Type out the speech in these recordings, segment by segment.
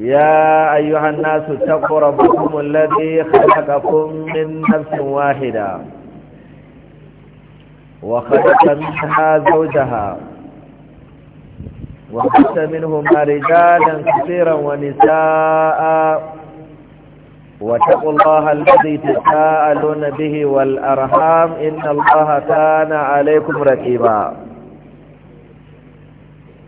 يا أيها الناس اتقوا ربكم الذي خلقكم من نفس واحدة وخلق منها زوجها وخلق منهما رجالا كثيرا ونساء واتقوا الله الذي تساءلون به والأرحام إن الله كان عليكم ركيبا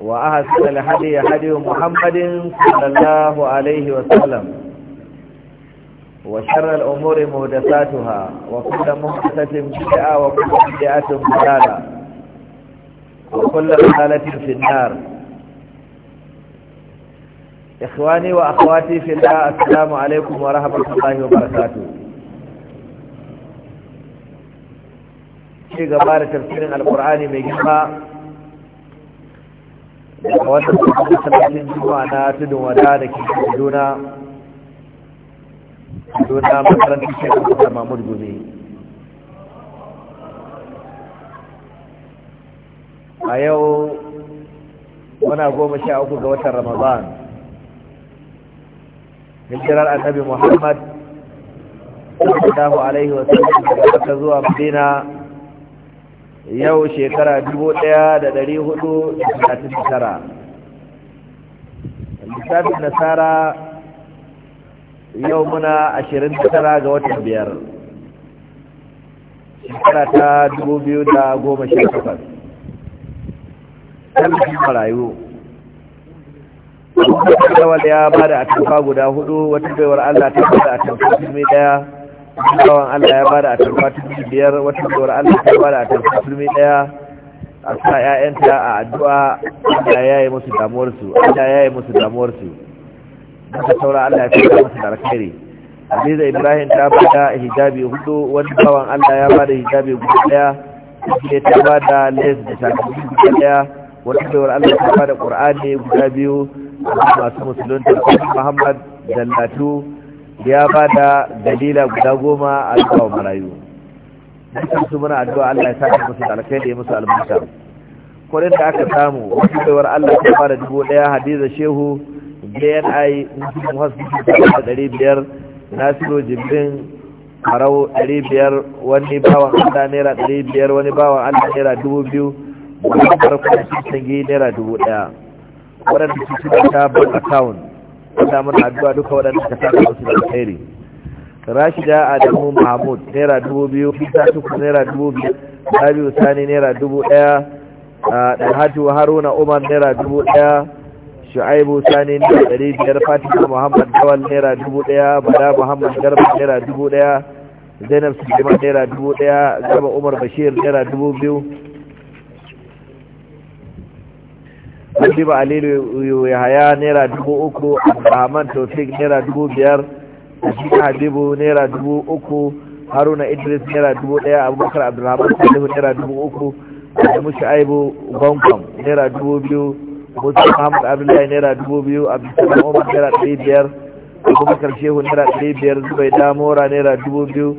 Wa a haskare Hali ya Muhammadin? Sallallahu alaihi wa sallam. Wa sharrar Umar Maudatuwa wa kula muharracin jiya wa kula muhiimcin murala. Ko kulle da talatin finnar. Ikwani wa Akwati fila'a as-salaamu alaikum wa rahmatu Allah yau barakatu. gabar da tabsirin Alƙur'ani mai gyambon a wata masallacin juma'a na tudun wada da ke juna kaduna makarantar shekaru da mamud gobe a yau wana goma sha uku ga watan ramadan hijirar annabi muhammad sallallahu alaihi wasallam daga zuwa madina yau shekara dubu ɗaya da hudu da hudu tara. lissafin nasara yau muna ashirin da tara ga watan biyar shekara ta dubu biyu da goma sha 2018 tallafin marayu wanda ya ba da atamfa guda hudu wata baiwar allah ta ba da atamfa mai daya bawan Allah ya bada a tarfatu biyar wata tsoron Allah ya bada a atamfa turmi daya a sa ƴaƴanta a addu'a Allah ya yi musu damuwarsu Allah ya yi musu damuwarsu duka sauran Allah ya fiye musu da alkhairi Aziza Ibrahim ta bada hijabi hudu wani bawan Allah ya bada hijabi guda daya ne ta bada les da shakamu guda daya wani tsoron Allah ta bada Qur'ani guda biyu a masu musulunta Muhammad Jallatu ya ba da dalila guda goma a zuwa marayu dukkan su muna addu'a Allah ya saka musu da ya musu albarka kudin da aka samu wasu baiwar Allah ta fara dubu daya hadiza shehu JNI Muslim Hospital da ɗari biyar Nasiru Jibrin Farau ɗari biyar wani bawan Allah naira ɗari biyar wani bawan Allah naira dubu biyu wani farko sun sange naira dubu ɗaya waɗanda su suka ta bank account wanda muna addu'a duka waɗanda ka saka musu da alheri rashida adamu mahmud naira dubu biyu fita tuku naira dubu biyu rabiu sani naira dubu ɗaya Hajji haruna umar naira dubu ɗaya shu'aibu sani naira ɗari biyar fatima muhammad dawal naira dubu ɗaya bada muhammad garba naira dubu ɗaya zainab Sulaiman naira dubu ɗaya gaba umar bashir naira dubu biyu Masiba Aliyu Yahaya Naira dubu uku, Abdulrahman Tosik Naira dubu biyar, Ashika Habibu Naira dubu uku, Haruna Idris Naira dubu ɗaya, Abubakar Abdulrahman Tosik Naira dubu uku, Adamu Shu'aibu Gwankwam Naira dubu biyu, Musa Muhammad Abdullahi Naira dubu biyu, Abdulsalam Umar Naira ɗari biyar, Abubakar Shehu Naira ɗari biyar, Zubai Damora Naira dubu biyu,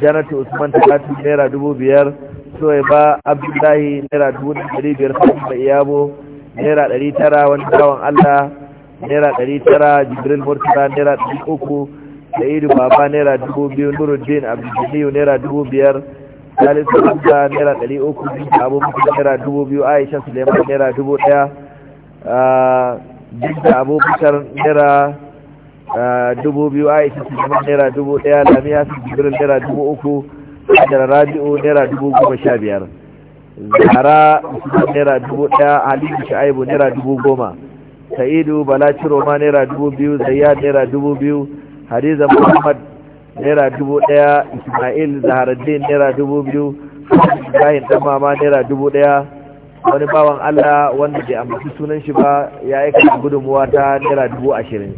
Janatu Usman Talatu Naira dubu biyar, Soyaba Abdullahi Naira dubu ɗari biyar, Fatima Iyabo naira ɗari tara wani bawan allah naira ɗari tara jibril murtala naira ɗari uku da idu baba naira dubu biyu nuruddin abdulliyu naira dubu biyar salisu hamza naira ɗari uku abubakar naira dubu biyu aisha suleiman naira dubu ɗaya binta abubakar naira dubu biyu aisha suleiman naira dubu ɗaya ah, ah, lamiya su jibril naira dubu uku da rabi'u naira dubu goma sha biyar zara naira dubu daya halittu sha'ibu naira dubu goma sa'idu balaciro ma naira dubu biyu zayyad naira dubu biyu hadiza muhammad naira dubu daya ismail zaharaddin naira dubu biyu ibrahim dan mama naira dubu daya wani bawan allah wanda bai ambaci sunan shi ba ya aika gudunmuwa ta naira dubu ashirin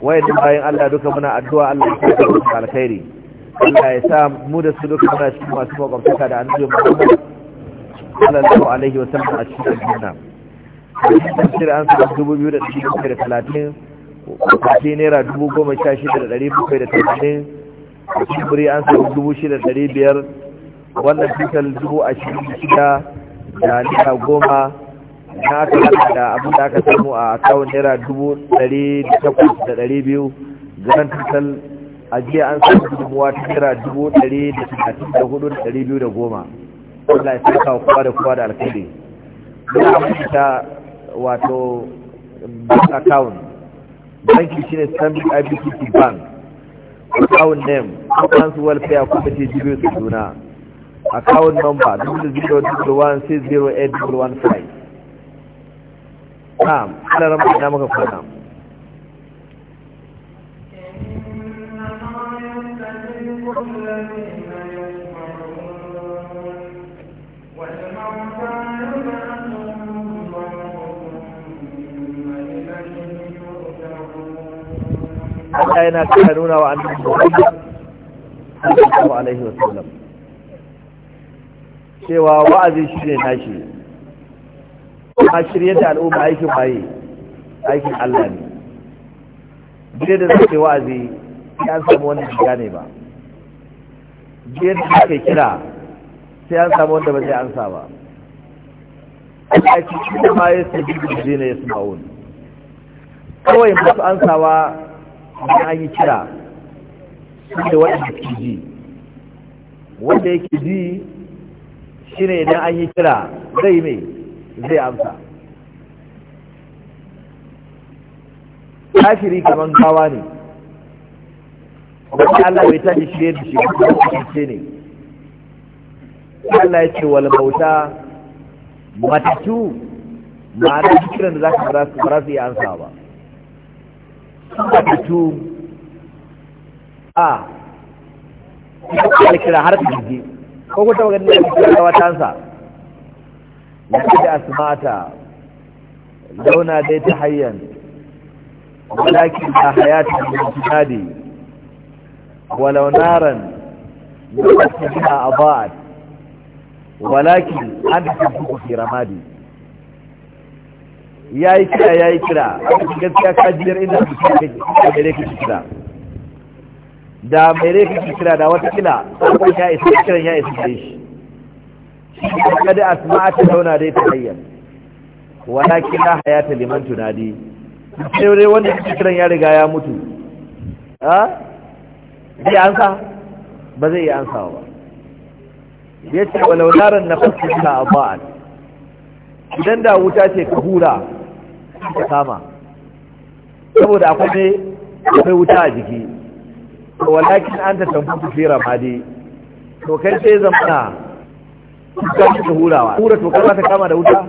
wayan bayan allah duka muna addu'a allah ya da alkhairi Allah ya sa mu da su duka muna cikin masu makwabtaka da annabi Muhammad sallallahu alaihi wa wasallam a cikin aljanna tafsir an sa dubu biyu da ɗari bakwai da talatin kwafi naira dubu goma sha shida da dari bakwai da talatin kibiri an sa dubu shida da dari biyar wannan fitar dubu ashirin da shida da naira goma na aka da abu da aka samu a akawun naira dubu dari da takwas da ɗari biyu garantin a jiya an sa gudunmuwa ta kira dubu ɗari da talatin da hudu da ɗari biyu da goma Allah ya saka wa kowa da kowa da alkhairi muna fita wato bank account banki shi ne stanbic ibtc bank account name account welfare committee jibiru kaduna account number 00160815 na'am ana ramar da maka fara Allah yana kira nuna wa annabi sallallahu alaihi wasallam cewa wa'azi shine tashi. a shirye da al'umma aikin baye aikin Allah ne gida da zai wa'azi ya samu wannan shiga ne ba Jiya da ake kira sai an samu wanda ba zai ansa ba a cikin da ma ya jirgin da zai na ya kawai masu ansawa da an yi kira su da wanda ke ji wanda yake ji shi ne idan an yi kira zai mai zai amsa kafiri kamar gawa ne wanda Allah bai tashi shirye da shi ce ne Allah ya ce wal mauta matatu ma'ana kiran da zaka fara su fara su yi ansa ba matatu a ita kira har ta jige ko ko ta magana da kira da wata ansa ce da asmata zauna dai ta hayyan walakin ta hayatun da ولو نارا بها أضاءت ولكن أنا تنفق في رمادي ya yi kira ya yi kira gaskiya kajiyar inda da mere kake kira da mere kake kira da watakila sakon ya isa kiran ya isa da shi shi kada asma'a ta zauna dai ta hayyar walakin la hayata liman tunadi sai dai wanda kake ya riga ya mutu zai ansa ba zai yi ansa ba ya ce wa laularan na fasita a ba'an idan da wuta ce ka hura ta kama saboda akwai ne wuta a jiki to walakin an ta tamfutu fi ramadi to kai sai zamana ka ta hurawa hura tokar za ta kama da wuta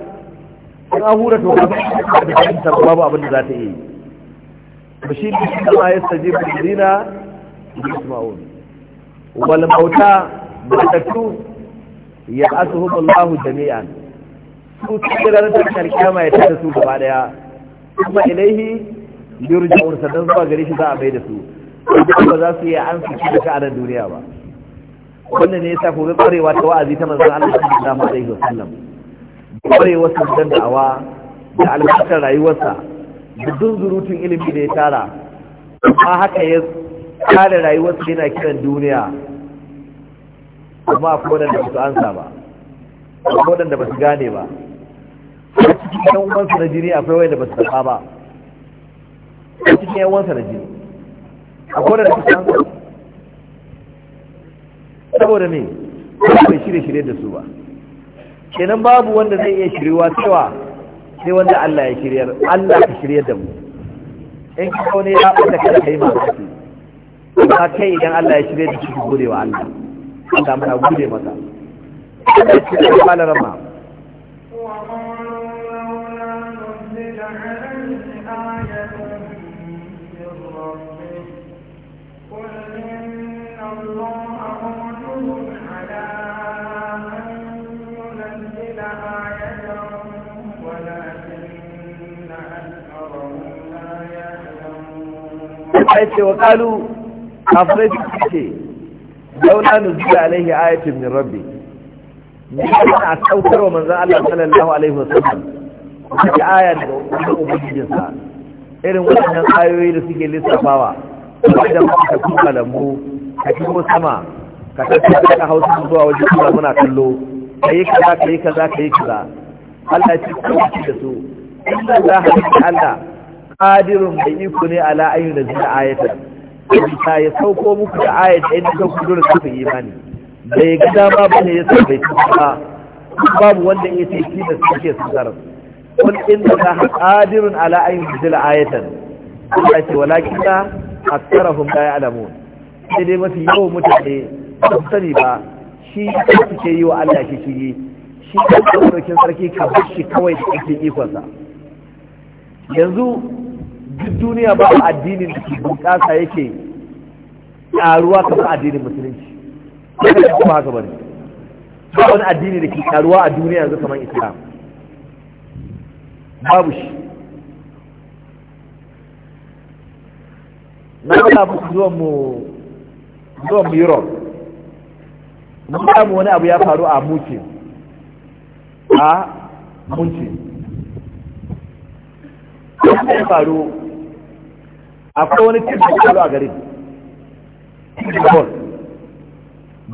in an hura tokar za ta kama da wuta babu abin da za ta yi ba shi ne kuma ya saji bulzina yasma'un wal mauta batatu ya'asuhum Allah jami'an su kiran ta karkama ya tada su gaba daya kuma ilaihi yurja'un sadan zuwa gare shi za a bai da su ba za su yi an su ci da duniya ba wannan ne yasa kuma kwarewa ta wa'azi ta manzon Allah sallallahu alaihi wasallam kwarewa sun da albarkar rayuwarsa da zurutun ilimi da ya tara amma haka ya kare rayuwarsu yana kiran duniya amma akwai wadanda ba su ansa ba akwai wadanda ba su gane ba a cikin yan na jini akwai wadanda ba su karɓa ba a cikin yan na jini akwai wadanda ba su ansa saboda me bai shirye-shirye da su ba kenan babu wanda zai iya shiriwa cewa sai wanda Allah ya shiryar Allah ka shiryar da mu in ka kaune ya ɓata kada ka yi mamaki kuma kai idan Allah ya shirye da shi gode wa Allah Allah muna gode masa Allah ya da wa kafirai su ce laula nuzila alaihi ayatin min rabbi ne a saukar wa manzan Allah sallallahu alaihi wasallam wata aya daga wani ubangijinsa irin waɗannan ayoyi da suke lissafawa wanda ka kuma lambu ka ko sama ka tattara da hausa zuwa wajen kula muna kallo ka yi kaza ka yi kaza ka yi kaza Allah ya ci kawai da su inda za a Allah qadirun bai iko ne ala ayyuna zina ayatan ta ya sauko muku da ayat da inda sauko dole su fi imani da ya gada ma ba ne ya sa bai ba babu wanda ya teki da suke su zarar kun inda ta ha qadirun ala ayin ayatan ta ce walakin a tsarafin la alamu sai dai mafi yawan mutane ba su sani ba shi suke yi wa Allah shi shi shi da sarki kamar shi kawai da ake ikonsa yanzu duk duniya ba addinin da ke bunƙasa yake ƙaruwa kamar addinin musulunci kuma haka bari ba wani addini da ke ƙaruwa a duniya yanzu kamar islam babu shi na kala muku zuwan mu zuwan mu yiro mun samu wani abu ya faru a muke a munci ya faru akwai wani cin da kalu a garin football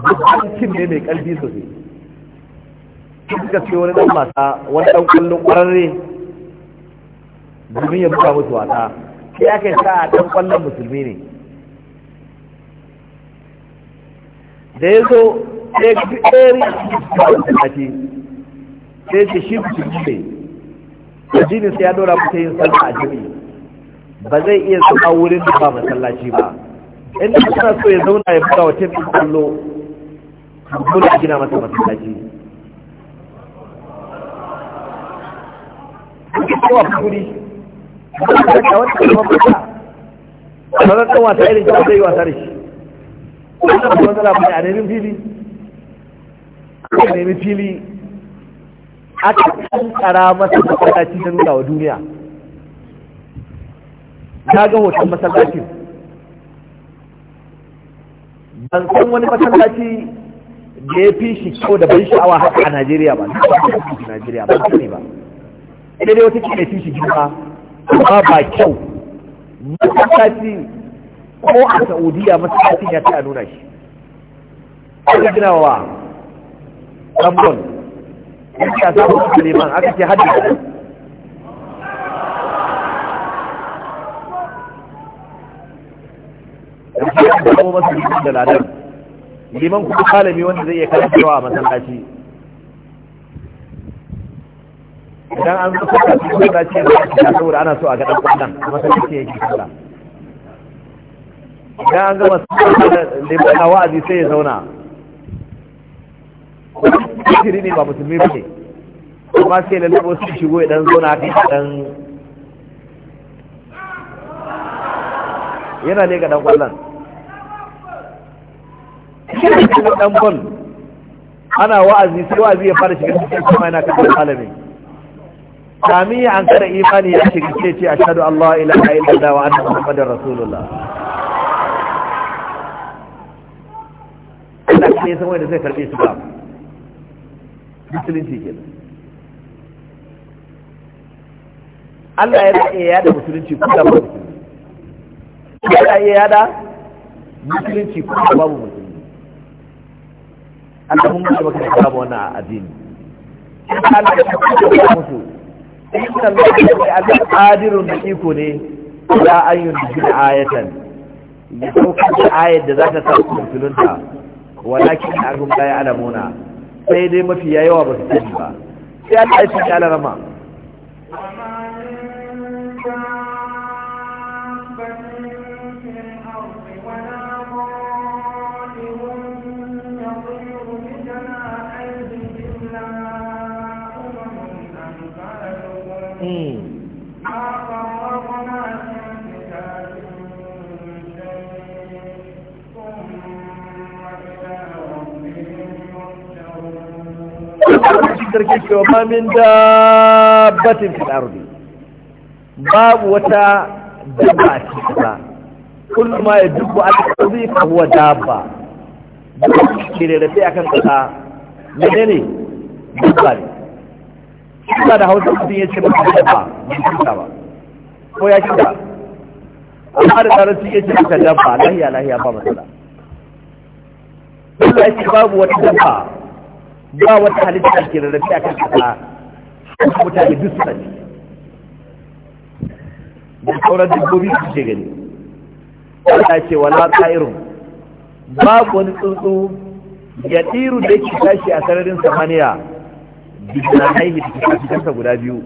dukkan cin ne mai kalbi sosai suka ce wani dan masa wani dan kwallon kwararre domin ya buka musu wata sai aka sa a dan kwallon musulmi ne da ya zo sai ga ɗari a ake sai ce shi musulmi ne addinin sai ya dora mutane yin sallah a jirgin. ba zai iya zama wurin da ba masallaci ba inda suna so ya zauna ya buga wa tafin kallo dole gina masa masallaci kowa kuri a wata kuma bata sauran ɗan wasa irin shi zai yi wasa da shi wannan ba matsala ba ne a nemi fili a nemi fili aka kankara masa masallaci ta nuna wa duniya na ga hoton masallacin ban san wani masallaci da ya fi shi kyau da ban sha'awa haka a Najeriya ba na a Najeriya ba su ne ba wata kila fi shi girma amma ba kyau masallaci ko a Saudiya masallacin ya ta nuna shi aka gina wa ɗan ya ce a samun suleiman aka ce haddi kawo masa jikin da ladan liman kuma malami wanda zai iya karantarwa a masallaci idan an zo kuka cikin masallaci da ake da saboda ana so a ga dan kwallon masallaci yake sallah idan an gama liman a wa'azi sai ya zauna kiri ne ba musulmi ba ne amma sai lalabo su shigo ya dan zauna haka dan yana ne ga dan kwallon kira shi dan bal ana wa'azi sai wa'azi ya fara shiga cikin kuma yana kan malamin kami an kada imani ya shiga ce ce ashhadu allah ilaha illallah wa anna muhammadar rasulullah Allah kai san wanda zai karbe su ba musulunci kenan Allah ya rike ya da musulunci kullum ba musulunci ya da musulunci kullum ba babu musulunci Allah mun mutu baka da wannan a addini Allah ya musu. inna Allah ya qadirun da iko ne ya ayyun bi ayatan ya sauka da ayat da zaka sa musulunta walakin agum la ya'lamuna sai dai mafi yawa ba su sani ba sai Allah ya tsaya rama sarki cewa ma min dabbatin fil ardi babu wata dabba ce ba kullu ma yadubbu ala ardi fa huwa dabba duk kire da sai akan kasa menene dabba ne suna da hausa mutum ya ce ba ba ba ba ko ya shiga amma da tsarar su ya ce maka dabba lahiya lahiya ba matsala Allah ya ba babu wata dabba ba wata halitta ke rarrafe a kan kasa haka mutane duk suna ci da sauran dabbobi su ce gani Allah ya ce wala Ba babu wani tsuntsu ya tsiru da yake tashi a sararin samaniya bidda haihi da fitansa guda biyu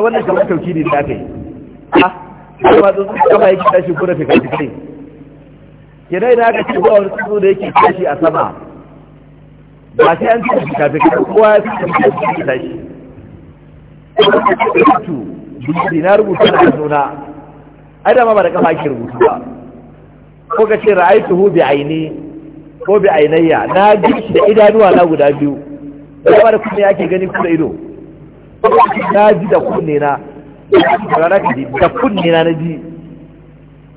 wannan kamar tauki ne da aka yi a kuma tsuntsun kama yake tashi kuna ke kenan idan aka ce ba wani tsuntsu da yake tashi a sama ba sai an ce fikafikai kowa ya fi fikafikai tashi rubutu biyu na rubuta na hannuna ai da ma ba da kafa ake rubutu ba ko ka ce ra'ayi ra'aytuhu bi aini ko bi ainayya na gishi da idanuwa na guda biyu ba da kunne yake gani kuma ido na ji da kunne na ka ji da kunne na na ji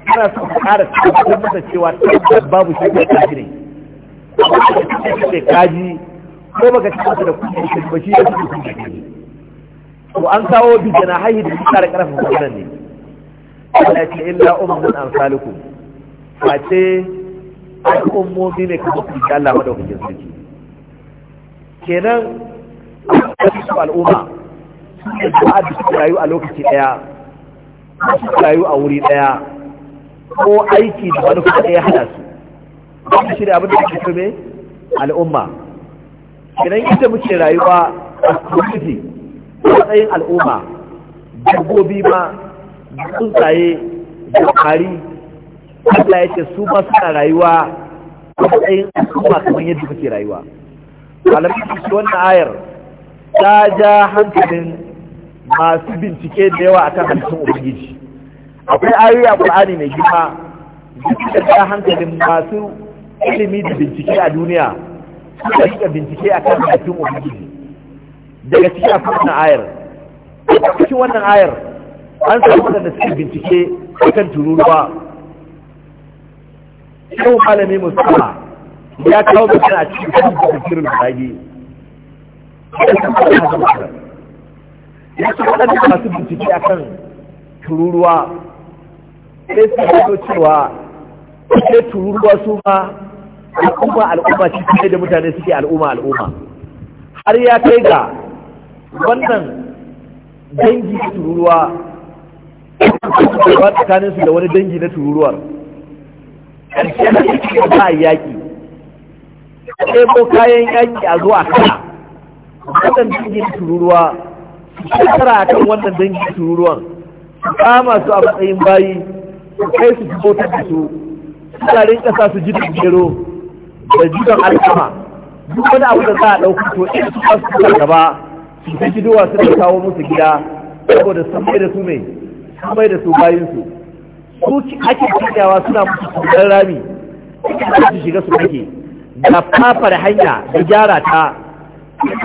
ana su ka cikin tabbatar masa cewa tabbatar babu shi ne ka ji ne amma ka ce ka ji ko baka tabbata da kunne shi ba shi ya fi kunne da ji to an kawo na haihu da su kara ƙarfin wannan ne Allah ce illa umman amsalukum face al'ummomi ne kamar kuka Allah madaukakin sarki kenan a al'umma suke da su rayu a lokaci daya su rayu a wuri daya ko aiki da wani kuma daya hada su don shi da abin da ake al'umma kenan ita muke rayuwa a community matsayin al'umma dabbobi ma da tsuntsaye da kari Allah ya ce su ma suna rayuwa a matsayin al'umma kamar yadda muke rayuwa su wannan ayar ta ja hankalin masu bincike da yawa a kan halittun ubangiji akwai ayoyi a ƙur'ani mai girma jikin da hankalin masu ilimi da bincike a duniya suka rika bincike a kan halittun ubangiji daga cikin akwai wannan ayar A cikin wannan ayar an samu wadanda suke bincike kan tururuwa yau malami musamman ya kawo magana a cikin kan tafsirin bagi ya ce da masu bincike a kan tururuwa sai su gano cewa sai tururuwa su ma al'umma al'umma ci kai da mutane suke al'umma al'umma har ya kai ga wannan dangi na tururuwa ba tsakaninsu da wani dangi na tururuwar ƙarshe na cikin ba yaƙi ɗebo kayan yaƙi a zuwa kana wannan dangin tururuwa su shekara a kan wannan dangin tururuwan su kama su a matsayin bayi su kai su bautar da su suna rinka sa su da gero da jidan alkama duk wani abu da za a ɗauka to in su ba su gaba su ta gidowa kawo musu gida saboda sun mai da su mai sun mai da su bayinsu su ake kiyawa suna musu tsoron rami ake su shiga su kake da fafar hanya da gyara ta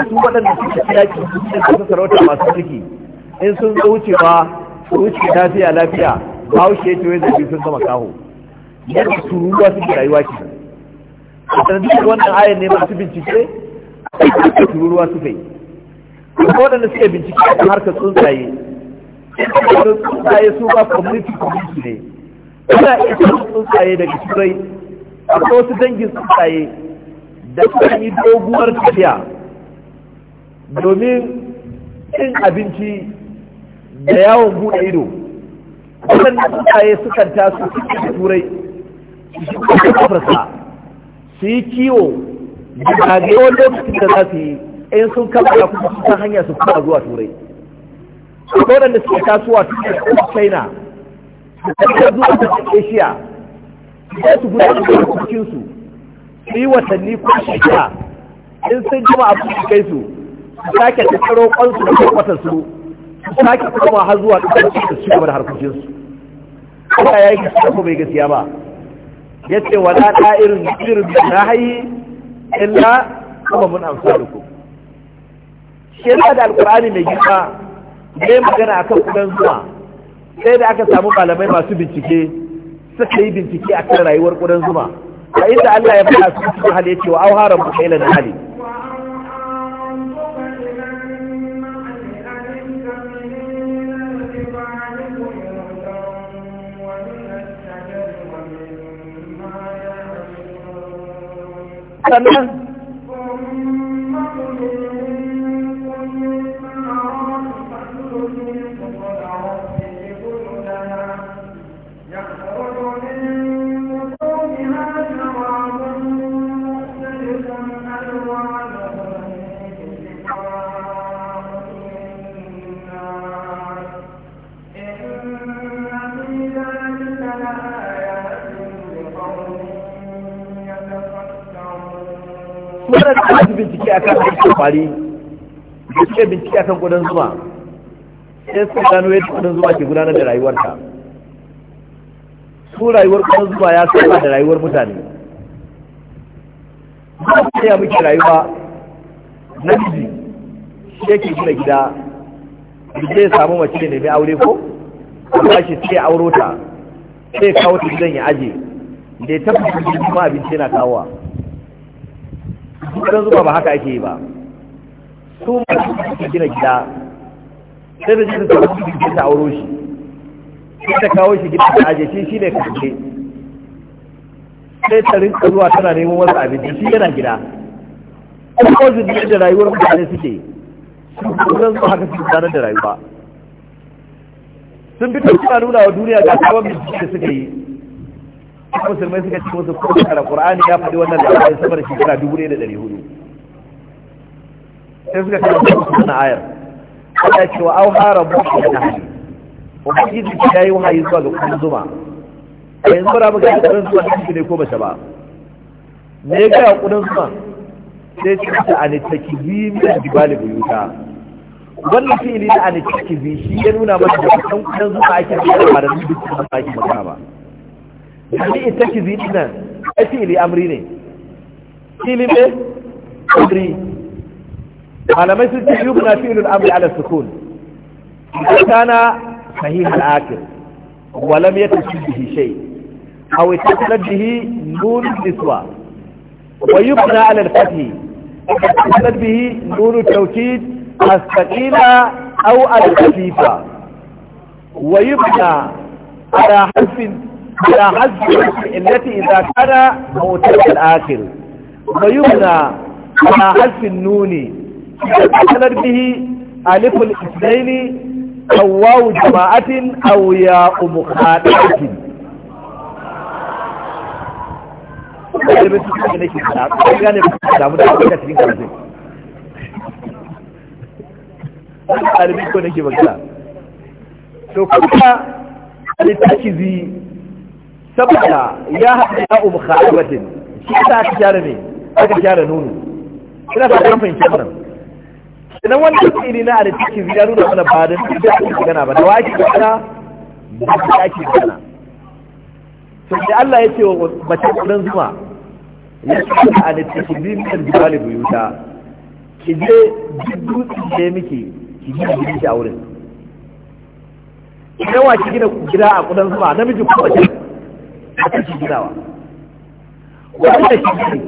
su waɗanda suka ci yaki cikin su sarauta masu ciki in sun zo wucewa su wuce lafiya lafiya ya ce wai zabi sun zama kaho yadda turuwa suke rayuwa ke a sanadiyar wannan ayar ne masu bincike a ruwa su kai kuma waɗanda suke bincike a kan harkar tsuntsaye tsuntsaye su ba community community ne ina iya tsuntsaye daga turai akwai wasu dangin tsuntsaye da suka yi doguwar tafiya domin cin abinci da yawon buɗe ido waɗannan tsuntsaye sukan taso cikin turai su shi kafarsa su yi kiwo da zagayewar lokacin da za su yi in sun kama da kuma su san hanya su kuma zuwa turai su waɗanda suke tasowa turai da china su kuma zuwa ta asia sai su gudanar da cikinsu su yi watanni ko shekara in sun jima abu su kai su su sake tattaro kwansu da kwakwatan su su sake kuma har zuwa kasar su ci gaba da harkokinsu kuma ya yi gaskiya ko bai gaskiya ba ya ce wa na irin jirin na hayi illa kuma mun amsa da ku shi yana da alƙur'ani mai gina ne magana akan kudan zuwa sai da aka samu malamai masu bincike suka yi bincike a kan rayuwar ƙudan zuma a inda Allah ya faɗa su cikin hali ya ce wa auhara mu kaila na hali sannan mara da su bincike akan aikin fari da suke bincike akan kudin zuma sai su gano yadda kudin zuma ke gudanar da rayuwarta su rayuwar kudin zuma ya saba da rayuwar mutane ba su ya muke rayuwa biji shi yake gina gida ya samu mace ne mai aure ko ba shi sai auro ta sai kawo ta gidan ya aje da ya tafi da kuma abinci yana kawowa garin zuba ba haka ake yi ba su masu gina gida sai da jikin sauran su gida ta auro shi sai ta kawo shi gida ta aje shi shi ne kashe sai tarin rinka zuwa tana neman wasu abinci shi yana gida kuma kawai su da rayuwar mutane suke su kuma zuba haka su gudanar da rayuwa sun fi suna nuna wa duniya ga sabon bincike da suka yi haka musulmai suka ce musu ko da qur'ani ya faɗi wannan labarin sama da shekara 1400 sai suka karanta wannan ayar Allah ce wa auha rabbuka ila nahli ubangiji ya yi wahayi zuwa ga kudin zuma a yanzu ba muka yi kudin zuma shi ne ko ba ba me ya gaya kudin zuma sai ce ta anittakibi min jibali buyuta wannan fi'ili da anitakizi shi ya nuna mata da kusan kusan zuwa ake da labarin duk da ake magana ba حلي اتكذي احنا اتي لي امرين اتي لي ايه امري على ما يصير تحيوبنا في الامر على السكون كان صحيح الاكل ولم يتشد به شيء او اتكذت به نون نسوة ويبنى على الفتح اتكذت به نون التوكيد الثقيلة او الخفيفة ويبنى على حرف ila hasbi allati idha kana mawtul akhir wa yumna nuni kana bihi alif al-ithnaini aw waw jama'atin aw ya ne ke zi saboda ya haɗa ya'u mukhalabatin shi ta ta gyara ne aka gyara nono ina ta kan fahimci wannan idan ya iri na da cikin ya nuna mana ba da duk da ake gana ba da wa ake magana da duk ake gana to da Allah ya ce wa mace kudan zuma ya ce a da cikin bimin jibali buyuta ki je duk dutsen da ya miki ki gina gidan shi a wurin Ina wa ki gina gida a kudan zuma namiji ko mace haka ke ginawa wanda ke gini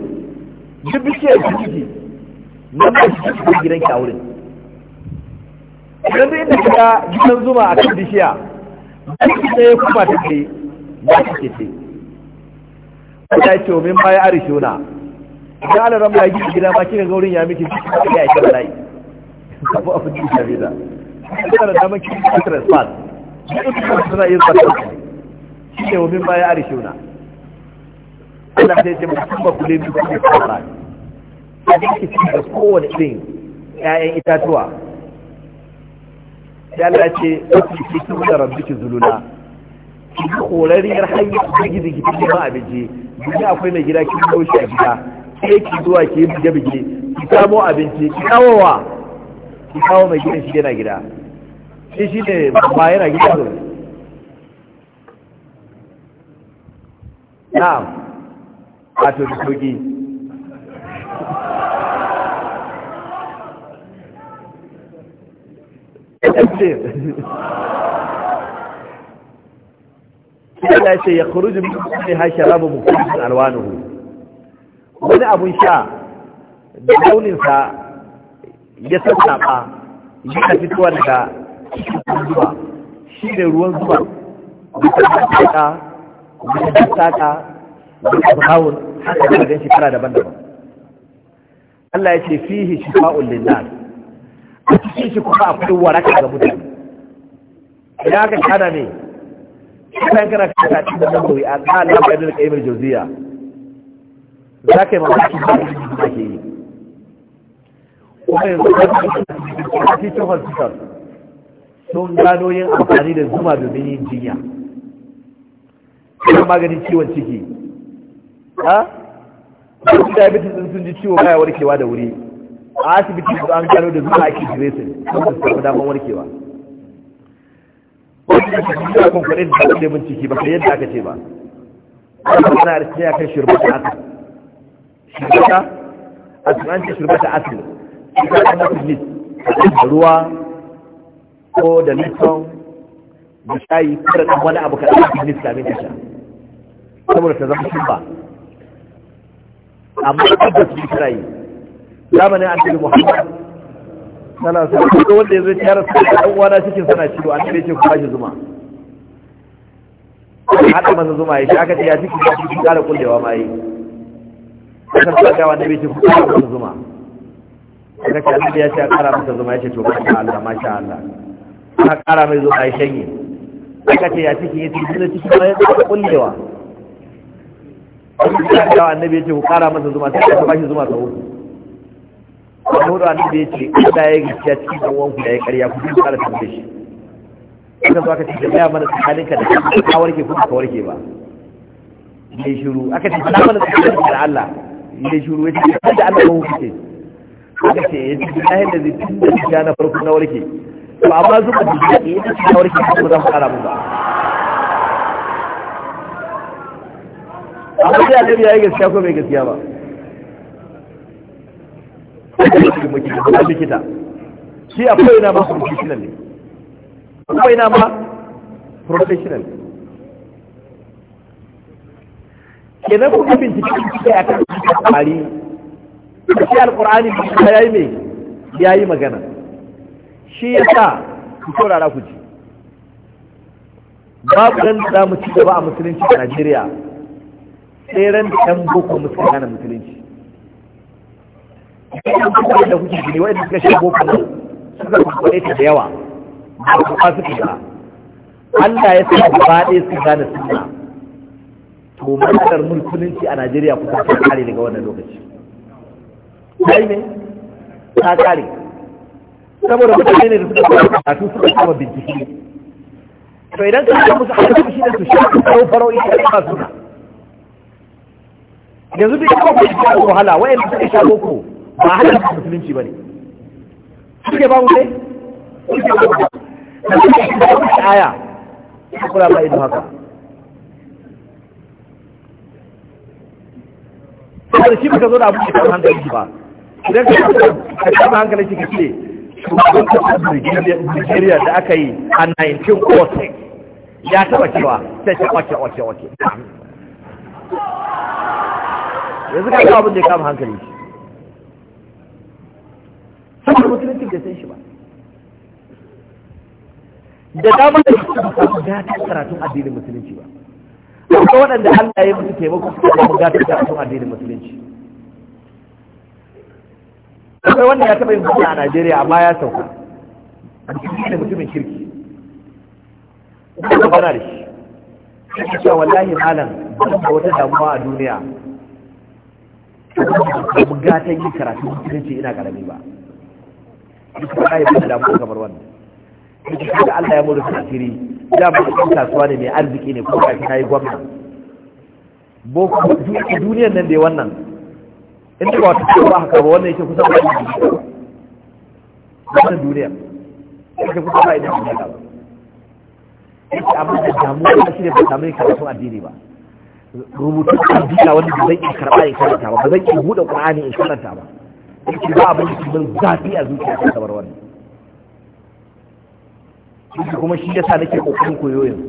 duk bishiyar da kike na ba shi cikin gidan ki a wurin yanzu inda ka ga gidan zuma a kan bishiya duk da ya kuma ta ce ba ta ce ce Allah ya ce min baya arishona idan Allah ran ya gidi gida ma kika ga wurin ya miki shi ya yi bala'i abu abu da ya shafe ta kana da maki stress pass duk da suna yin stress shi ne wamin baya a rishuna Allah sai ce mutum ba kule biyu kuma fara a jiki ci da kowane irin ƴaƴan itatuwa ya Allah ce wasu ke kin da rabbiki zuluna ki bi har hanyar ubangiji ki fi ma abinci duniya akwai mai gida kin zo shi a gida sai ki zuwa ki yi buge-buge ki samo abinci ki kawowa ki kawo mai gidan shi yana gida shi shi ne ba yana gida zaune na'am a to soki Allah ce ya kuruji ne hashara ba mukulisun alwanu. wani abun sha da launinsa ya sassaɓa ba, fitowa daga cikin zuba shi ne ruwan zuba da ta wani da saka wani abawun haka da gan shekara daban-daban Allah ya ce fihi shifa'ul linnas a cikin shi kuma akwai waraka ga mutane idan aka kana ne kana kana ta cikin da nauyi a tsarin da ibn qayyim jawziya za ka yi mamaki ba ke yi kuma yanzu ci cikin hospital sun gano yin amfani da zuma domin yin jinya kuma maganin ciwon ciki ha duk diabetes din sun ji ciwo baya warkewa da wuri a asibiti da an gano da zuwa ake dressing sun su samu damar warkewa wani da su zuwa kwankwanin da zaɓe mun ciki ba sai yadda aka ce ba wani kuma da cikin akan shirbata asir shirbata a tunanci shirbata asir ita ta mafi nis da ruwa ko da liton da shayi ko da wani abu kaɗan a cikin nis kamin ta sha saboda ta zama shubba amma tabbas bi kira yi zamanin annabi muhammad sallallahu alaihi wasallam ko wanda yazo ya rasu da dan uwana cikin sana ciwo an ya ce ku bashi zuma hada masa zuma ya shaka ta ya ciki ya ci kara kullewa ma yi kan saka gawa na ya ce ku kara masa zuma daga kan annabi ya ce ƙara masa zuma ya ce to masha Allah ma masha Allah ka kara mai zuma ya shanye aka ce ya ciki ya ci ciki ya kullewa da annabi ya ce ku kara masa zuma sai ka bashi zuma sau amma da annabi ya ce da ya gaskiya cikin dan ku da ya karya ku duk kara tambaye shi aka zo aka ce da mana tsakanin ka da ka warke ku ka warke ba ne shiru aka ce da mana tsakanin da Allah ne shiru ya ce da Allah ko kuke aka ce ya ce da yanda zai tunda na farko na warke to amma zuba da ya ce na warke ba za mu kara mu ba amma sai ya yi gaskiya ko bai gaskiya ba akwai na ma professional ne akwai na ma professional kuma bincike suke a kan kwari shi alkur'ani ba ya yi mai ya yi magana shi ya sa ku saurara ku ji babu ɗan da mu ci gaba a musulunci a najeriya tseren da ɗan boko musu gane musulunci ɗan boko da kuke gini waɗanda suka shi boko nan suka kwakwale ta da yawa ba su kwa suke ba Allah ya sa ba ɗaya su gane suna to matsalar musulunci a Najeriya kusa ta kare daga wannan lokaci sai ne ta kare saboda mutane ne da suka kwa a su suka kama bincike to idan ka yi musu a cikin shi da su shi farau farau ita ta suna yanzu duk kuma ba shi da wahala wayanda suka shago ku ba hada da musulunci ne. suke ba wuce ne suke ba mu ne aya kula ba idu haka da shi baka zo da abin da kan hankali ba idan ka ka kama hankali shi ce shugaban kasar Nigeria da aka yi a 1906 ya taba cewa sai ta wace wace wace yanzu ka abin da ya kama hankali shi saboda musulunci bai san shi ba da dama da su ba samu gatan karatun addinin musulunci ba akwai waɗanda Allah ya musu taimako su samu gatan karatun addinin musulunci akwai wanda ya taɓa yin gudu a Najeriya amma ya sauka a cikin mutumin kirki kuma gana da shi shi cewa wallahi malam ba da wata damuwa a duniya mu yi karatu ina karami ba duk ba ya bada damu kamar wanda. duk da Allah ya mura asiri ya kasuwa ne mai arziki ne ko ka gwamna boko duniyar nan da wannan inda ba ta ba haka ba wannan yake kusa ba wannan yake ba duniya. ba yake amma da shi ne ba karatu addini ba rubutu biya wanda ba zan iya karɓa ya karanta ba ba zan iya buɗe ƙur'ani in karanta ba yake ba abin da ban zafi a zuciya ta kamar wannan shi kuma shi yasa nake kokarin koyo yanzu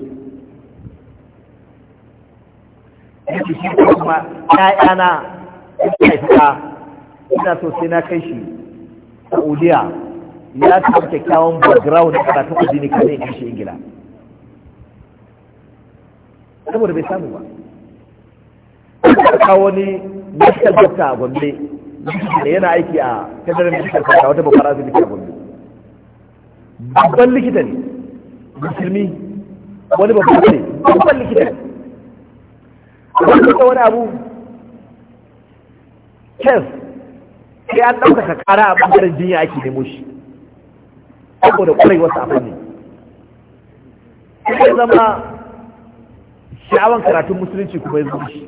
yake shi kuma ƴaƴana ina fita ina so sai na kai shi Saudiya ya samu kyakkyawan background na karatun addini kamar yadda shi Ingila saboda bai samu ba ka wani bishiyar dokta a gombe da yana aiki a kadarin bishiyar dokta wata babbar asibiti a gombe babban likita ne musulmi wani babban ne babban likita ne wani wani abu kes sai an ɗaukaka kara a ɓangaren jinya ake nemo shi saboda kwarai wasu a fanni sai zama sha'awan karatun musulunci kuma ya zama shi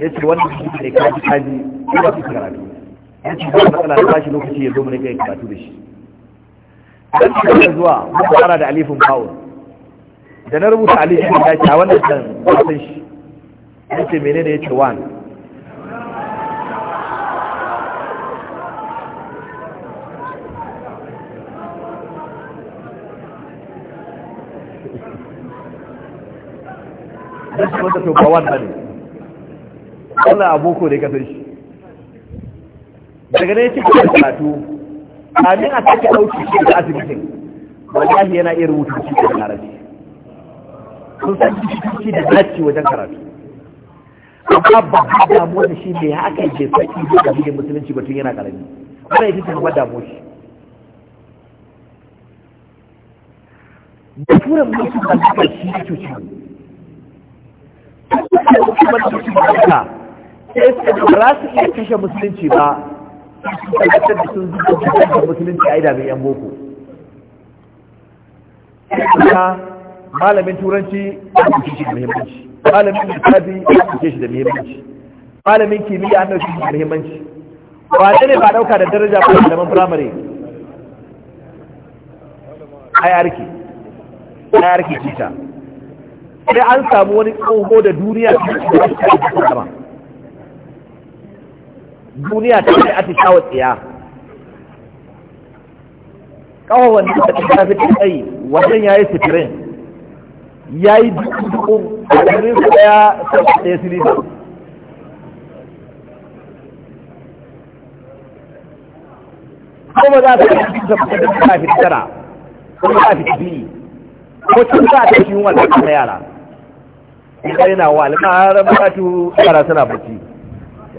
yace wannan shi ne kaji kaji ya fi karatu ya ce ba matsala da bashi lokaci ya zo mu rika karatu da shi dan shi da zuwa mu fara da alifin bawul da na rubuta alifun ya ce a wannan kan san shi ya ce menene yace wan? wani Rashin wata to ba ne. wannan aboko da ya kasar shi daga ne cikin karatu kamin a sake ɗauki shi da asibitin wallahi yana iya rubuta shi da larabci sun san shi da dace wajen karatu amma ka damu da shi ne haka ke saki da kabilin musulunci batun yana karami kuma ya cikin babban damu shi da tura mutum da shi ne cuci kuma da mutum da sai suka da ba su iya kashe musulunci ba sun tabbatar da sun zuba da musulunci a idanun yan boko ta malamin turanci a ɗauke shi da muhimmanci malamin lissafi a ɗauke shi da muhimmanci malamin kimiyya a ɗauke shi da muhimmanci ba ne ba ɗauka da daraja ko malaman firamare ayarki ayarki cita sai an samu wani tsoho da duniya da shi da shi da duniya ta ce a tishawa tsiya kawo da ta ta fi tsayi wajen ya yi sifirin ya yi dukkan ƙarfin su ɗaya sai ɗaya siliba kuma za ta yi da kusa da ta fi tara kuma ta fi tafi ko cin za ta fi yi wanda ta yara ina ɗaya na wa alimar matu tsara suna bacci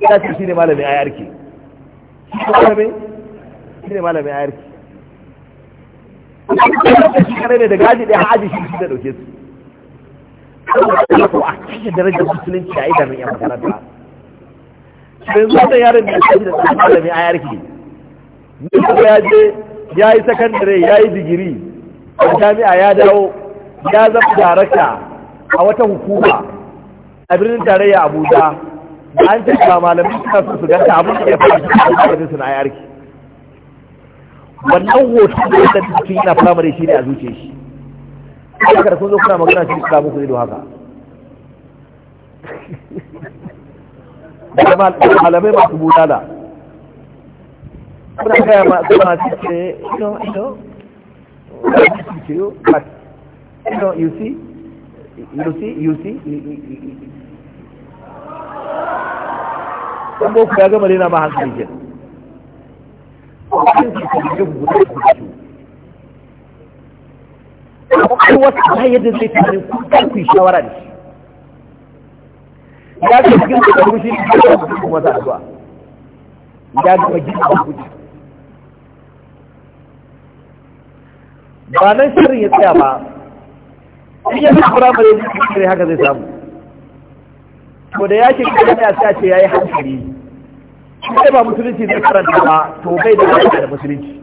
ya ce shi ne malamin ayarki shi ne malamin ayarki shi kare ne da gaji ɗaya haji shi shi da ɗauke su a cikin darajar musulunci a idanun yan makaranta sai zuwa da yaron da shi da ɗan malamin ayarki ne kuma ya je ya yi sakandare ya yi digiri a jami'a ya dawo ya zama darakta a wata hukuma a birnin tarayya abuja an ce ba malamin suna su su ganta abin da ya fara cikin alfarin suna ya wannan hoton da yadda cikin yana firamare shi ne a zuciya shi haka da sun zo kuna magana shi suna muku ido haka malamai masu bulala kuna gaya ma suna cikin ino ino you see you see you see dan boko ya gama rena ma hankali ke akwai wata ta yadda zai tare ku kan ku shawara da shi ya ce cikin da kuma shi ne ya kuma za a zuwa ya gama gina da kuɗi ba nan shirin ya tsaya ba in ya fi firamare ne haka zai samu to da yake kuma ya sa ce yayi hankali sai ba musulunci zai karanta ba to bai da alaƙa da musulunci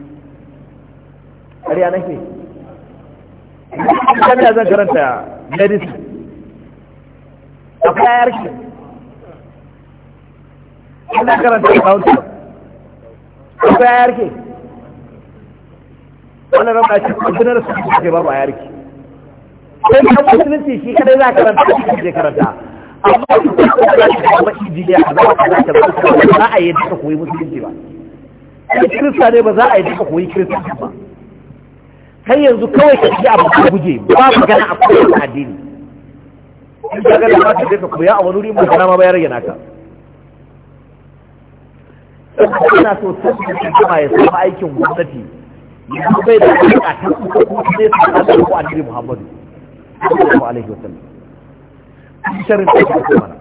ƙarya nake kiraniya zan karanta medicine akwai yayar shi ina karanta bauta akwai yayar ke wannan ba shi kuma su ke ba ba yayar ke sai musulunci shi kadai za a karanta shi ke karanta amma su ba su ba shi da ma'iji ne a zama kana ta ba za a yi duka koyi musulunci ba kai kirista ne ba za a yi duka koyi kirista ba kai yanzu kawai ka ji abu ka guje ba magana a kowane addini in ka ga da ma ka je ka koya a wani wuri magana ma ba ya rage naka ina so ta sun kama ya samu aikin gwamnati yanzu bai da alaƙa ta kuka kuma sai su haɗa ko annabi Muhammadu sallallahu alaihi wasallam sharin da ke mana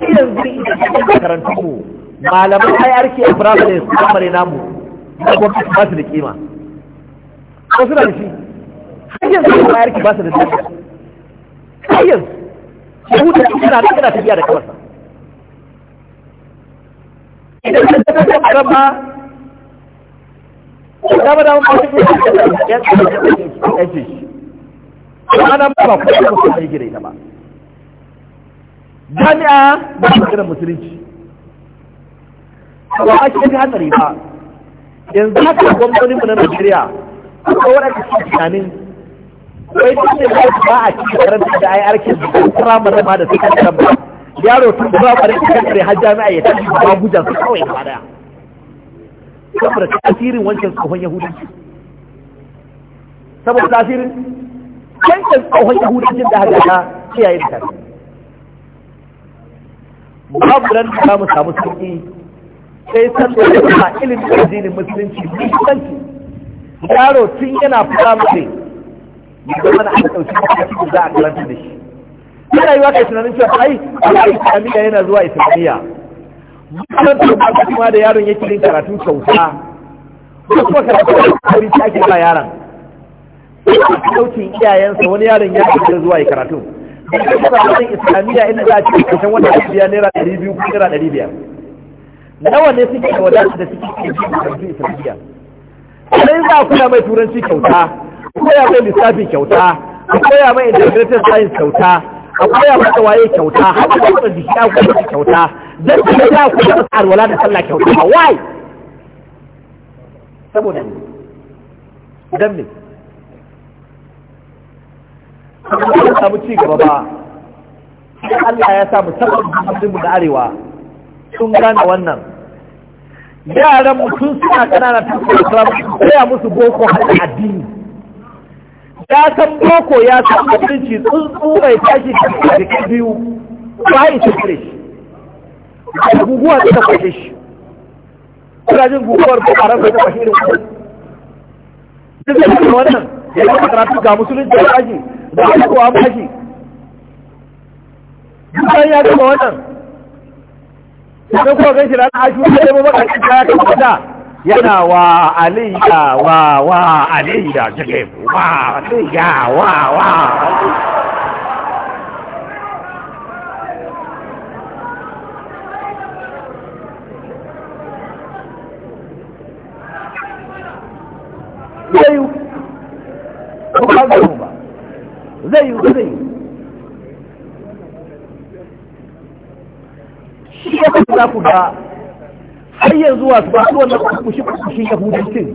yanzu idan karantun mu malaman IRK a firamare firamare namu na gwamnati ba su da kima ko suna da shi har yanzu ba IRK ba su da dama har yanzu yahudu suna da kana tafiya da kamarsa idan ka tafi da ba. dama dama ba shi ya tsaye shi ana ba ku da ku sai gire ta ba jami'a ba su kira musulunci ba a shi hatsari ba yanzu haka gwamnatin mu na Najeriya akwai waɗanda ke tunanin wai duk ne ba a cikin karanta da ai arkin firamare ma da sakandare ba yaro tun da ba a cikin har jami'a ya tafi ba gujan su kawai gaba daya saboda tasirin wancan tsohon yahudanci saboda tasirin wancan tsohon yahudancin da ta kiyaye da tare babu ran da mu samu sauki sai san da ba ilimin addinin musulunci musulunci yaro tun yana firamare ya zama na aka ɗauki da za a karanta da shi yana yi wa kai tunanin cewa ai a islamiyya yana zuwa islamiyya makarantar ba kuma da yaron yake yin karatu kyauta ko kuma karatu da ta ake ba yaron sautin iyayensa wani yaron ya fi zuwa ya karatu da wannan islamiyya inda za a ci kashin wata da biya naira ɗari biyu ko naira ɗari biyar nawa ne suke da wadata da suke yin karatu islamiyya sai za a kula mai turanci kyauta koya mai lissafi kyauta koya mai integrated science kyauta a koya waye kyauta har da kuma jiki ya koya kyauta dan ta ya koya mata alwala da sallah kyauta ba saboda ne dan me ba samu ci gaba ba Allah ya samu mu da arewa sun gane wannan yaran mutum suna kanana tun suna koya musu boko har addini ya san boko ya san mutunci tsuntsu mai tashi da jikin biyu ba yi tafiye shi da guguwa ta ta fashe shi kuna jin guguwar ko ƙarar ta fashe da kuma duk da shi wannan ya yi karatu ga musulunci ya tashi da kowa bashi duk ya gama wannan sai kuma gan shi ranar ashu sai mu baka cikin kaya kan kwata yana wa aliyya wa wa aliyya wa aliyya wa wa zai yi ba zai yi shi ya za ku har yanzu wasu ba wannan kushi kushi yahudancin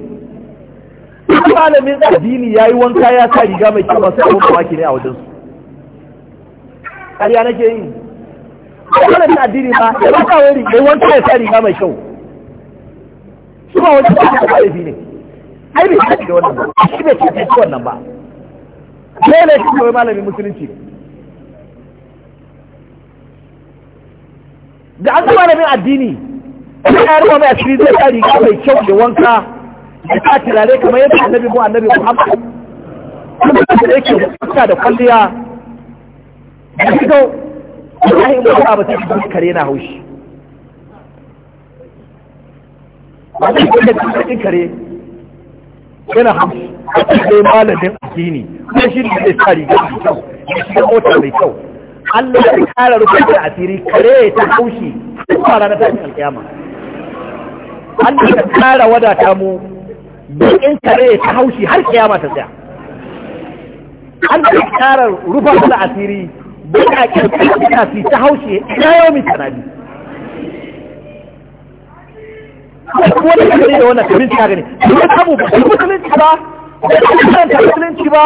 duk malamin addini ya yi wanka ya sa riga mai kyau masu abin mamaki ne a wajen su ƙarya nake yi malamin addini ba ya ba sa wani ya wanka ya sa riga mai kyau su ba wajen ba da ƙarfi ne ai bai kaci da wannan ba shi bai kaci da wannan ba dole shi kawai malamin musulunci Ga an zama malamin addini kuma ya ruwa mai asiri zai ta riga mai kyau da wanka da ta turare kamar yadda annabi mu annabi muhammad kuma da yake da da kwalliya da shi gau wallahi in ba ba sai kare na haushi wallahi da shi kare yana haushi A sai malamin addini kuma shi ne zai ta riga mai kyau da shi mota mai kyau Allah ya kara rufin asiri kare ta haushi duk ranar tashin alƙiyama an da kara wadata mu bikin kare ta haushi har kiyama ta tsaya an da kara rufa da asiri bakakin kafi ta haushi na yau mi tsanani wani kare da wannan kabin ta gani ba samu ba musulunci ba ba karanta musulunci ba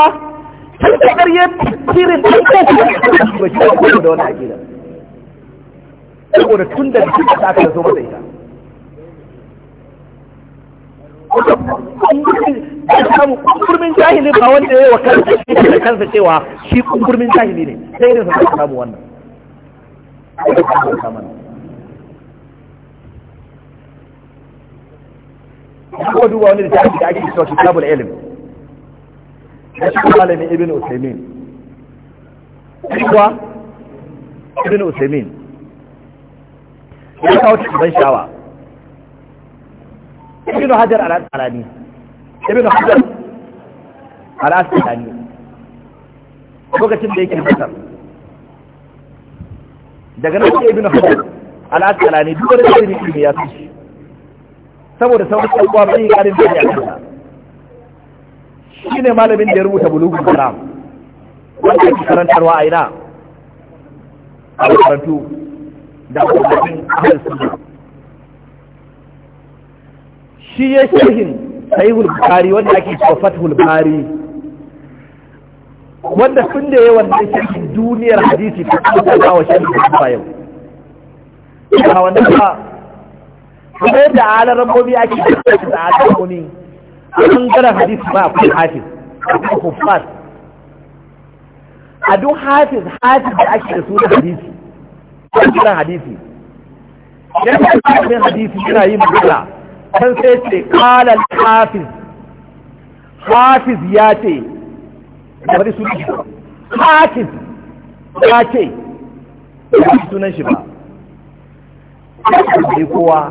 sai ta karye tirin ta kai ba shi da wannan akida saboda tun da duk da aka zo mata ita kunkurmin jahili ba wanda ya yi wa kansa shi da kansa cewa shi kunkurmin jahili ne sai irin sa samu wannan ko duba wani da da ake cewa kitabul ilm da shi malami ibn usaymin kuwa ibn usaymin ya kawo cikin ban sha'awa ibn hajar al-asqalani ibn hajar al-asqalani lokacin da yake masar daga nan ibn hajar al-asqalani duk wani da ilimi ya fi saboda sauran abubuwa bai yi karin da ya kasa shi ne malamin da ya rubuta bulugun karam wanda ya karantarwa a ina a makarantu da kuma ahal sunna shi ya sharhin sai hulbari wanda ake cewa fathul wanda sun da yawan da sharhin duniyar hadisi ta kuma ta shi sharhin kuma yau a wanda ba kuma yadda alar rambobi ake cewa da alar rambobi an gara hadisi ba a hafi a akwai huffaz a duk hafi-hafi da ake da su da hadisi an gara hadisi yadda ake hadisi yana yin magana kan sai ce kalal hafiz hafiz ya ce da bari su hafiz ya ce da ci sunan shi ba sai kowa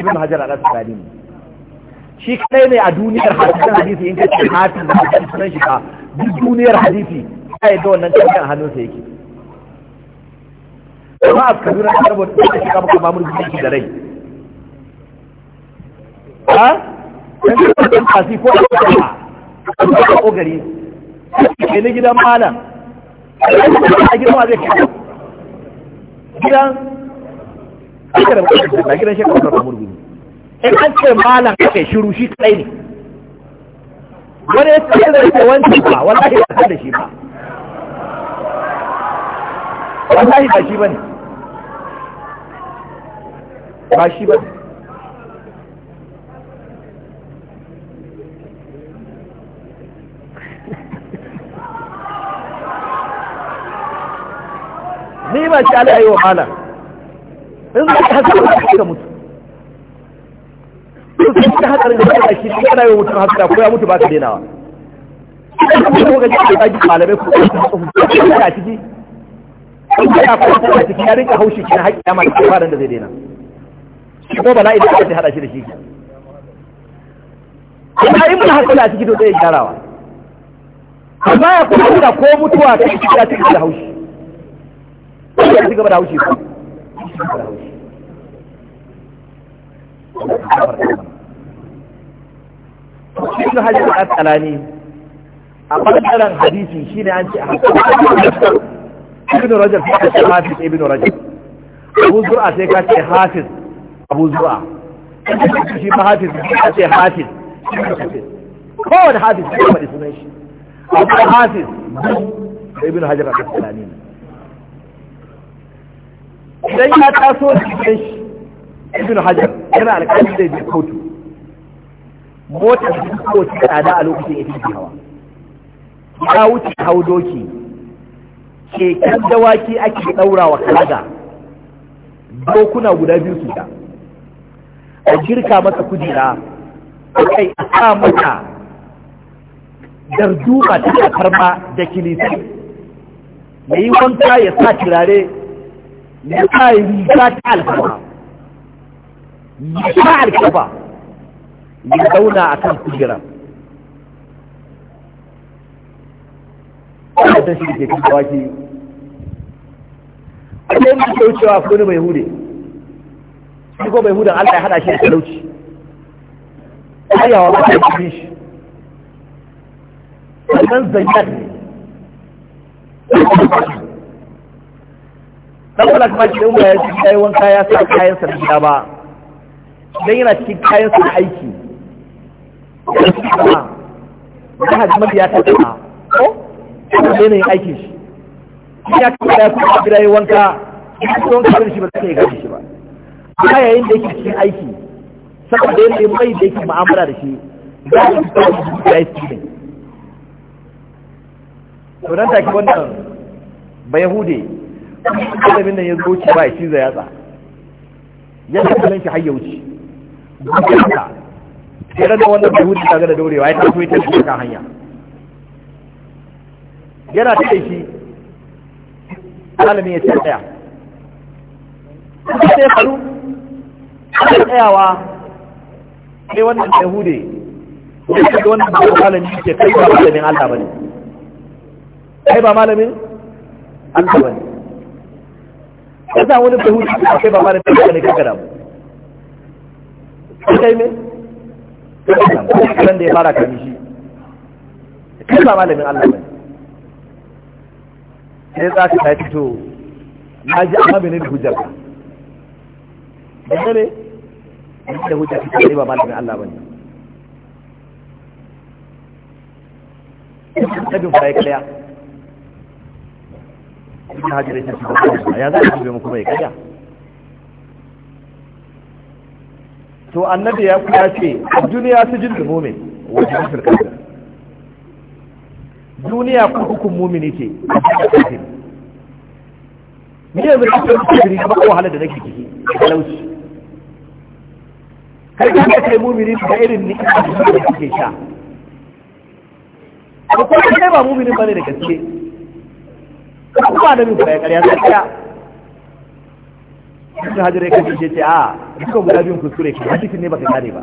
ibn hajar al asqalani ne shi kai ne a duniyar hadisin hadisi in kace hafiz da ci sunan shi ba duk duniyar hadisi kai da wannan tantan hannunsa yake kuma a kaduna ta da shi kama kamar mulki da rai ha kan ɗan kasi ko a kuma ka kogari kai na gidan malam a gidan ma zai kai gidan aka a mutum da gidan shekaru da kamar gudu in an ce malam kai shiru shi kadai ne wani ya tsaye da yake wanci ba wallahi ba da shi ba wallahi ba shi ba ne ba shi ba ne ni ba shi ala wa mala in za ka hasa ba ka mutu to sai ka hatsarin da ka shi shi kana yi mutum hasa ko ya mutu ba ka denawa ko ga shi a ji malamai ko ka ciki in ka ya fara a ciki ya rinka haushi kina haƙƙi ya mata faran da zai dena shi ko bala'i da aka hada shi da shi amma in mun hasala a ciki to zai gyarawa amma ya kuma ko mutuwa kai ya ciki da haushi ya ci gaba da haushi ba shi ga hajji da tsalani a ɓangaren hadisi shi ne an ce a ibn rajab sai ka hafiz ibn rajab abu zura sai ka ce hafiz abu zura shi ma hafiz ka ce hafiz kowane hafiz ya faɗi sunan shi abu hafiz ibn hajar a tsalani ne idan ya taso da cikin shi ibn hajar yana alƙalin zai kotu motar da ta tsada a lokacin ya fi hawa ya wuce hau doki keken dawaki ake ɗaura wa kalaga dokuna guda biyu su da a girka masa kujera a kai a sa mata darduma ta karma da kilisai mai wanka ya sa turare ya sa riga ta alfarma ya sa ya zauna a kan shi ke kan kawaki kyaucewa ko mai hude shi ko mai hudan allah ya hada shi da talauci ayawa ba ta cikin shi sannan zayyar ne dan wala kuma ki dan ya ci kai wanka ya sa kayan sa gida ba dan yana cikin kayan sa aiki ya da hajji ya ta ta ko da ne aikin shi ya kuma ya kuma gida ya wanka ya ci wanka da shi ba zai gaji shi ba amma yayin da yake cikin aiki saboda yanda mai da yake mu'amala da shi za a yi tsawon da ya yi ne to nan take wannan ba yahude malamin nan ya zo ci ba ya zai yatsa ya ta kalan shi har ya wuce duka sai da wannan bai ta gada da daurewa ya tafi ta shi kan hanya yana ta shi alamin ya ce tsaya sai faru ana tsayawa sai wannan yahude ya ce wannan da alamin ya ke kai ba malamin Allah bane kai ba malamin Allah bane ka sa wani bai hutu a kai ba ma da tafiya ne kaka damu kai me da ya fara ba malamin Allah ba sai za ka ta to na ji amma bai ne da hujjar ka da ne da hujjar ka kai ba malamin Allah ba ne ibn hajar ya ce ba ya za a dube mu kuma ya kaya to annabi ya kuya ce duniya su jin mumin wajen nufin kafir duniya ku hukun mumini ce a cikin kafir ni yanzu da kafin kafiri kuma ko wahala da nake ciki talauci kai ka kai mumini da irin ni da kake sha ko kuma kai ba mumini bane da gaske kuma da bin kai ya ta tsaya Ibn Hajar ya kace ce a duka guda biyun kuskure ke hadisin ne baka kare ba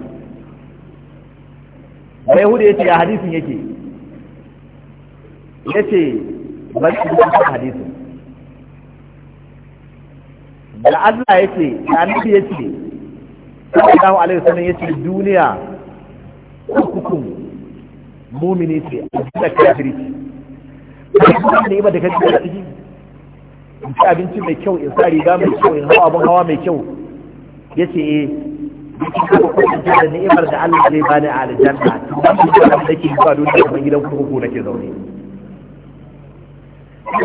Bai ya yace ya hadisin yake yace bari ku duka hadisin da Allah yace da Annabi yace sallallahu alaihi wasallam ce duniya kurkukun mumini ce a cikin kafirci da ni'imar da kaji da ciki in ci abinci mai kyau in sa riga mai kyau in hau abin hawa mai kyau ya ce eh duk kuma kwatanta da ni'imar da Allah zai bani a aljanna tun da mutum da ke don duniya kamar gidan kurkuku nake zaune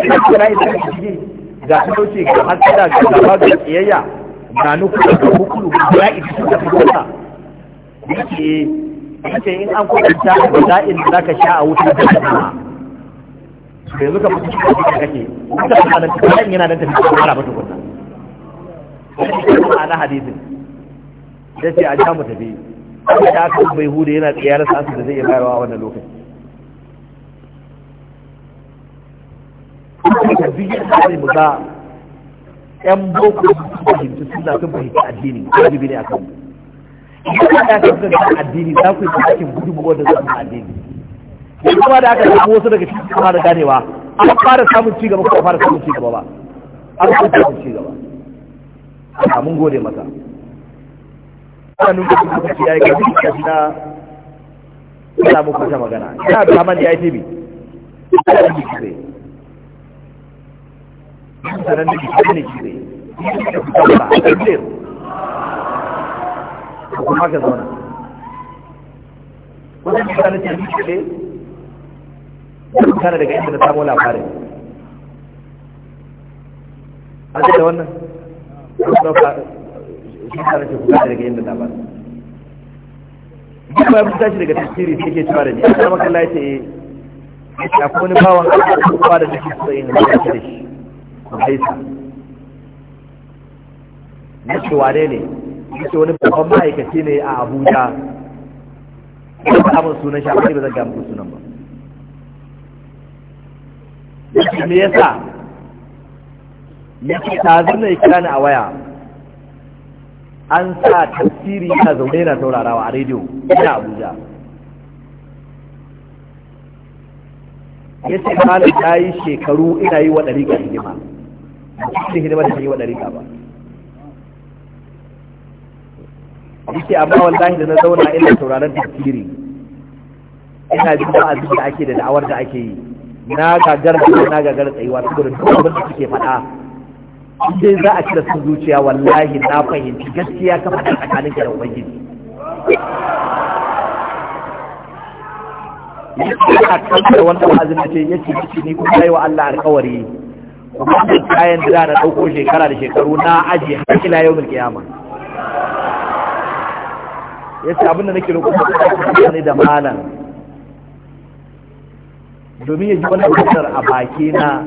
ina kira ita ciki ga talauci ga hasada ga gaba ga tsiyayya na nufin da hukulu ga ya ita da fitota yake yake in an kwatanta da za'in da zaka sha a wutar da jama'a yanzu ka mutu a cikin kake wata ma'ana kalan yana nan tafi fara ba tukunna ma'ana hadisin da ce a ja mu tafi kuma da aka bai hude yana tsiyarar sa da zai iya bayarwa a wannan lokaci ka biyu tsari mu ga yan boko sun fahimci suna sun fahimci addini wajibi ne a kan mu idan ka da ka addini za ku yi cikin gudunmuwa da zama addini yanzu kuma da aka samu wasu daga cikin kama da ganewa an fara samun ci gaba ko fara samun ci gaba ba an fara samun ci gaba a mun gode maka ana nuna kuma kuma ci yayi ga cikin na ina muku ta magana ina da man da ITB ina da ni kire sanan da kike ne kire kuma ka zauna wajen mutane ta ni kire kana daga inda na samu labarin an da wannan shi kana ke kuka daga inda labarin duk bayan mun tashi daga tasiri sai ke cewa da ni an maka Allah eh, ya ce ya ko wani bawan Allah ko ba da nake so in da shi ko haisa na ce wane ne ya ce wani babban ma'aikaci ne a Abuja ba a mun sunan shi amma ba zan ga muku sunan ba me yasa ya ce tazin na kira ni a waya an sa tafsiri yana zaune na taurarawa a rediyo ina abuja ya ce kala ta yi shekaru ina yi wa ɗariƙa hidima da hidima da ta yi wa ɗariƙa ba Ya ce amma wallahi da na zauna ina tauraron tafsiri ina jin ba'azi da ake da da'awar da ake yi na gagar da na gagar tsayuwa saboda duk abin da suke faɗa sai za a kira sun zuciya wallahi na fahimci gaskiya ka faɗa tsakanin da ubangiji yake a kanta da wanda wa'azin da ce ya ciki ni kuma yi wa Allah alkawari kuma da kayan da na ɗauko shekara da shekaru na aji har ila yau mil kiyama yace abin da nake roƙo ne da malam domin ya ji wani sunnar a baki na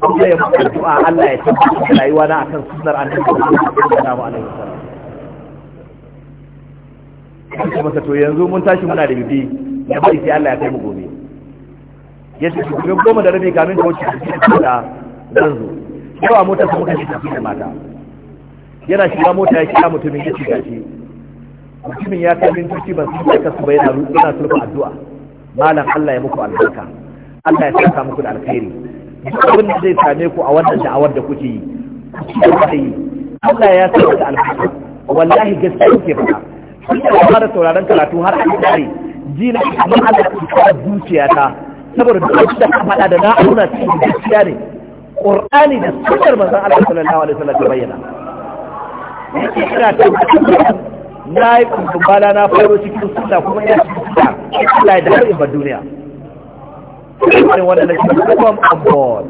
kuma ya fi addu'a Allah ya tabbata rayuwa na akan sunnar annabi sallallahu alaihi wasallam kace masa to yanzu mun tashi muna da bibi ya bari sai Allah ya kai mu gobe ya ce gobe goma da rabi kamin ka wuce da zan zo yawa mota su muka shi tafi da mata yana shiga mota ya kira mutumin ya shiga shi mutumin ya kai mintoci ban sun su bai na yana sulfa addu'a malam Allah ya muku albarka Allah ya saka muku da alkhairi abin da zai same ku a wannan da'awar da kuke yi Allah ya saka da alkhairi wallahi gaskiya kuke faɗa kun da fara sauraron karatu har an dare jina na amma Allah ya saka ta, saboda duk da ka faɗa da na auna cikin gaskiya ne Qur'ani da sunnar manzon Allah sallallahu alaihi wasallam ta bayyana yake kira ta na yi kumbala na faro cikin suna kuma ya ci Allah ya da har in duniya wannan shi come on board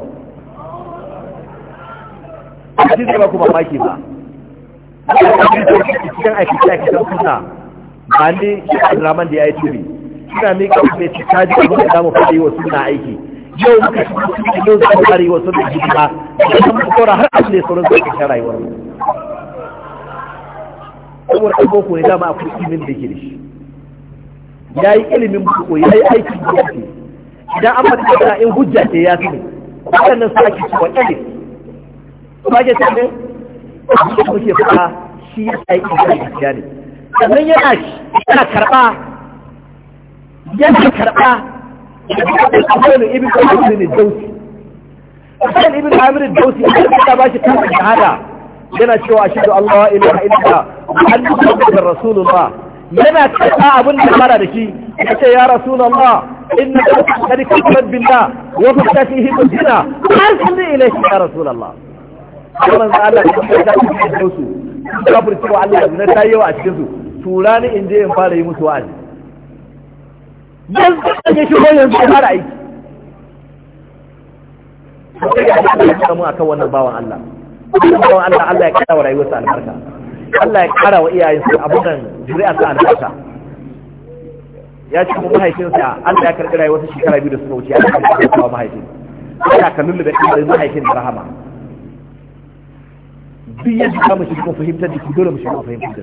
shi zai ba ku mamaki ba a cikin aikace aikacen suna ba ne shi abdulrahman da ya yi turi suna mai kawo mai cika ji abin da zamu fadi wa suna aiki yau muka shi suna yau zamu fari wa suna jiki ba da kuma kora har abu ne sauran zai kashe rayuwar mu kuma saboda abubuwa ne dama akwai ilimin da ke da shi ya yi ilimin buko ya yi aikin da ke idan an mata magana in hujja ce ya sani waɗannan su ake cewa ɗari su ake cewa ne abin da muke faɗa shi ya sa yake da gaskiya ne sannan yana yana karɓa yana karɓa Abdul ibn Amr ne Dausi ibi ibn Amr Dausi ya ba shi da shahada yana cewa ashhadu an la ilaha illa Allah Muhammadur Rasulullah yana karɓa abin da fara da shi ce ya Rasulullah إن قد كفر بالله وفتت فيه الزنا أرسل إليك يا رسول الله wannan da Allah ya da su da su kafir cewa Allah ya zina ta yawa a cikin tura ni in je in fara yi musu wa'azi yanzu da ya yanzu ya fara aiki sai ya da ya samu akan wannan bawan Allah bawan Allah Allah ya kara wa rayuwarsa albarka Allah ya kara wa iyayensa abin nan zuri'arsa albarka ya ce kuma mahaifinsa Allah ya karɓi ya wasu shekara biyu da suka wuce ya karɓi rayuwar mahaifin ya ka bai ɗin mahaifin da rahama duk yadda za mu shiga mu fahimtar da su dole mu shiga mu fahimtar da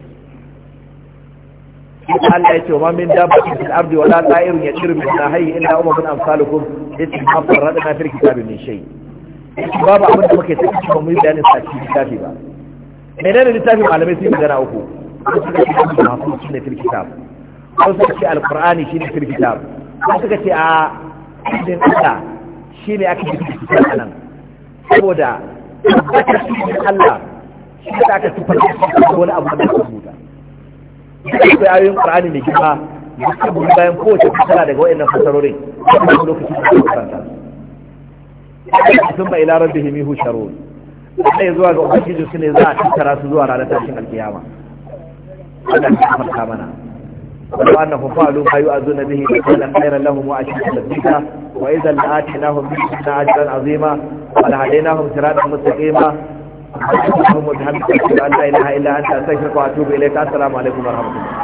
su Allah ya ce wa min dabbatin fil ardi wala ta'irun yatiru min da illa Ya amsalukum yace ma farrada na fil kitabin min shay babu abin da muke tsaki kuma mu yi bayanin sa cikin littafi ba menene littafin malamai sun yi magana uku sun yi magana masu cikin fil kitabi an suka ce alkur'ani shi ne firkitab an suka ce a ɗin Allah shi ne aka yi firkitab a nan saboda tabbatar shi ne Allah shi ne aka da shi ko wani abu da aka ya akwai ayoyin qur'ani ne kuma duka mun bayan kowace fasara daga wayannan fasarorin a lokacin da aka karanta sun ba ila rabbihim yuhsharun sai zuwa ga ubangiji su ne za a tattara su zuwa ranar tashin alkiyama Allah ya kafarta mana ولو أنهم فعلوا ما يؤذون به لكان خيرا لهم وأشد تثبيتا وإذا لآتيناهم من أجرا عظيما ولهديناهم صراطا مستقيما اللهم بحمدك أشهد أن لا إله إلا أنت أستغفرك وأتوب إليك السلام عليكم ورحمة الله